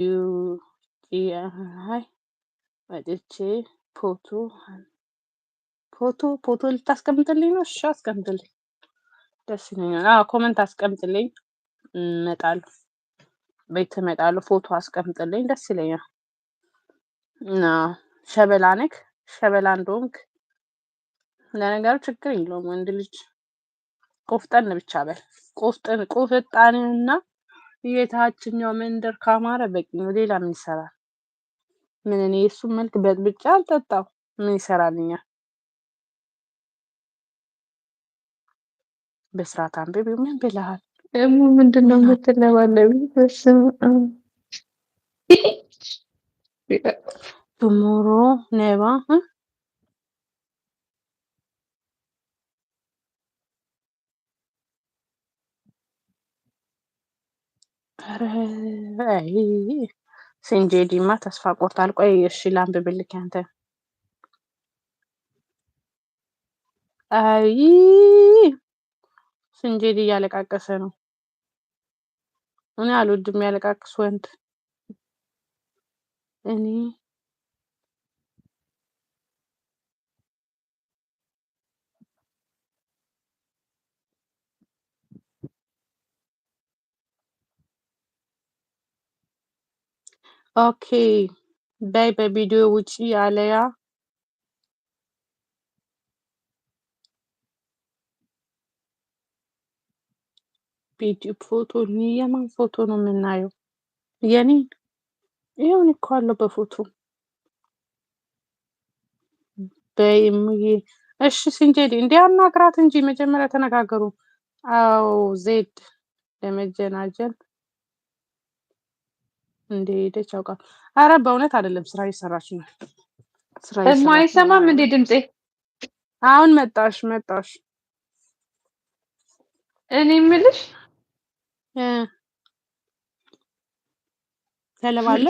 ላይ ወጥቼ ፎቶ ፎቶ ፎቶ ልታስቀምጥልኝ ነው? እሺ አስቀምጥልኝ፣ ደስ ይለኛል። አዎ ኮመንት አስቀምጥልኝ፣ እመጣለሁ፣ ቤት እመጣለሁ። ፎቶ አስቀምጥልኝ፣ ደስ ይለኛል። አዎ ሸበላ ነክ ሸበላ እንደሆንክ ለነገሩ ችግር የለውም። ወንድ ልጅ ቆፍጠን ብቻ በል፣ ቆፍጠን ቆፍጣንና የታችኛው መንደር ካማረ በቂ ነው። ሌላ ምን ይሰራል? ምን እኔ የእሱን መልክ በጥብጫ አልጠጣው ምን ይሰራልኛል? በስርዓት አንብቤ ምን ብልሃል? ደግሞ ምንድን ነው የምትለው? ባለቤት በስም ቱሞሮ ነባ ሲንጄዲማ ተስፋ ቆርጣል። ቆይ እሺ ላንብብልክ ያንተ አይ ስንጄዲ እያለቃቀሰ ነው። እኔ አልወድም ያለቃቅስ ወንድ እኔ ኦኬ በይ በቪዲዮ ውጪ ያለያ ቪዲዮ ፎቶ የማን ፎቶ ነው የምናየው? የኔ ይሁን እኮ አለው በፎቶ በይ እሺ ስንጀዴ እንዲ አናግራት እንጂ መጀመሪያ ተነጋገሩ። አዎ ዜድ ለመጀናጀል እንደሄደች ያውቃል። አረ በእውነት አይደለም፣ ስራ እየሰራች ነው። የማይሰማም እንዴ ድምፄ? አሁን መጣሽ መጣሽ። እኔ ምልሽ ተለባለ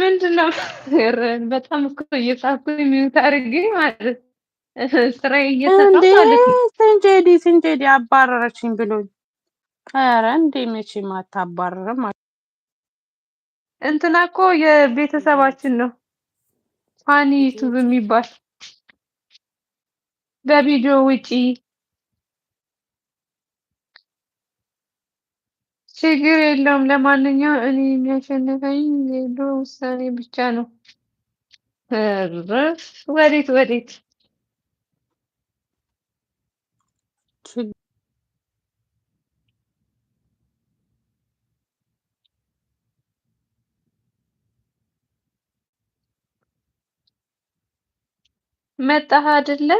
ምንድነው? ነው? በጣም እኮ እየሳኩኝ የሚውት አድርጌ ማለት ስራ እየሰራ ማለት ስንጀዲ ስንጀዲ አባረረችኝ ብሎኝ። ኧረ እንዴ መቼም አታባረርም። እንትና እኮ የቤተሰባችን ነው። ፋኒ ዩቱብ የሚባል በቪዲዮ ውጪ ችግር የለውም። ለማንኛውም እኔ የሚያሸንፈኝ ሌሎ ውሳኔ ብቻ ነው። ወዴት ወዴት መጣህ አይደለ?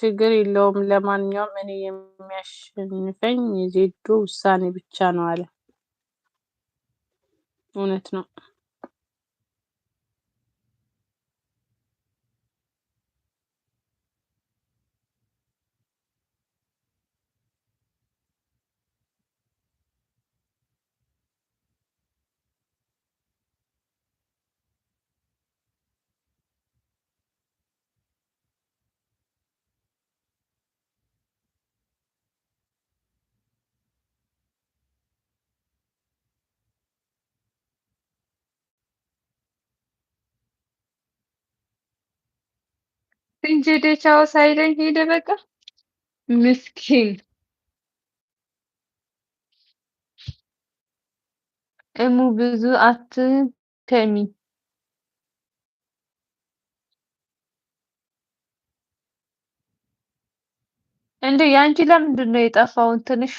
ችግር የለውም። ለማንኛውም እኔ የሚያሸንፈኝ የዜዱ ውሳኔ ብቻ ነው አለ። እውነት ነው። እንጀዴ ቻው ሳይለኝ ሄደ። በቃ ምስኪን እሙ ብዙ አትተሚ እንዴ! ያንቺ ለምንድን ነው የጠፋውን ትንሽ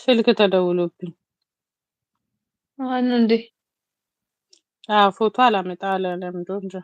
ስልክ ተደውሎብኝ። ማን እንዴ? ፎቶ አላመጣ አለ። ለምዶ እንጃ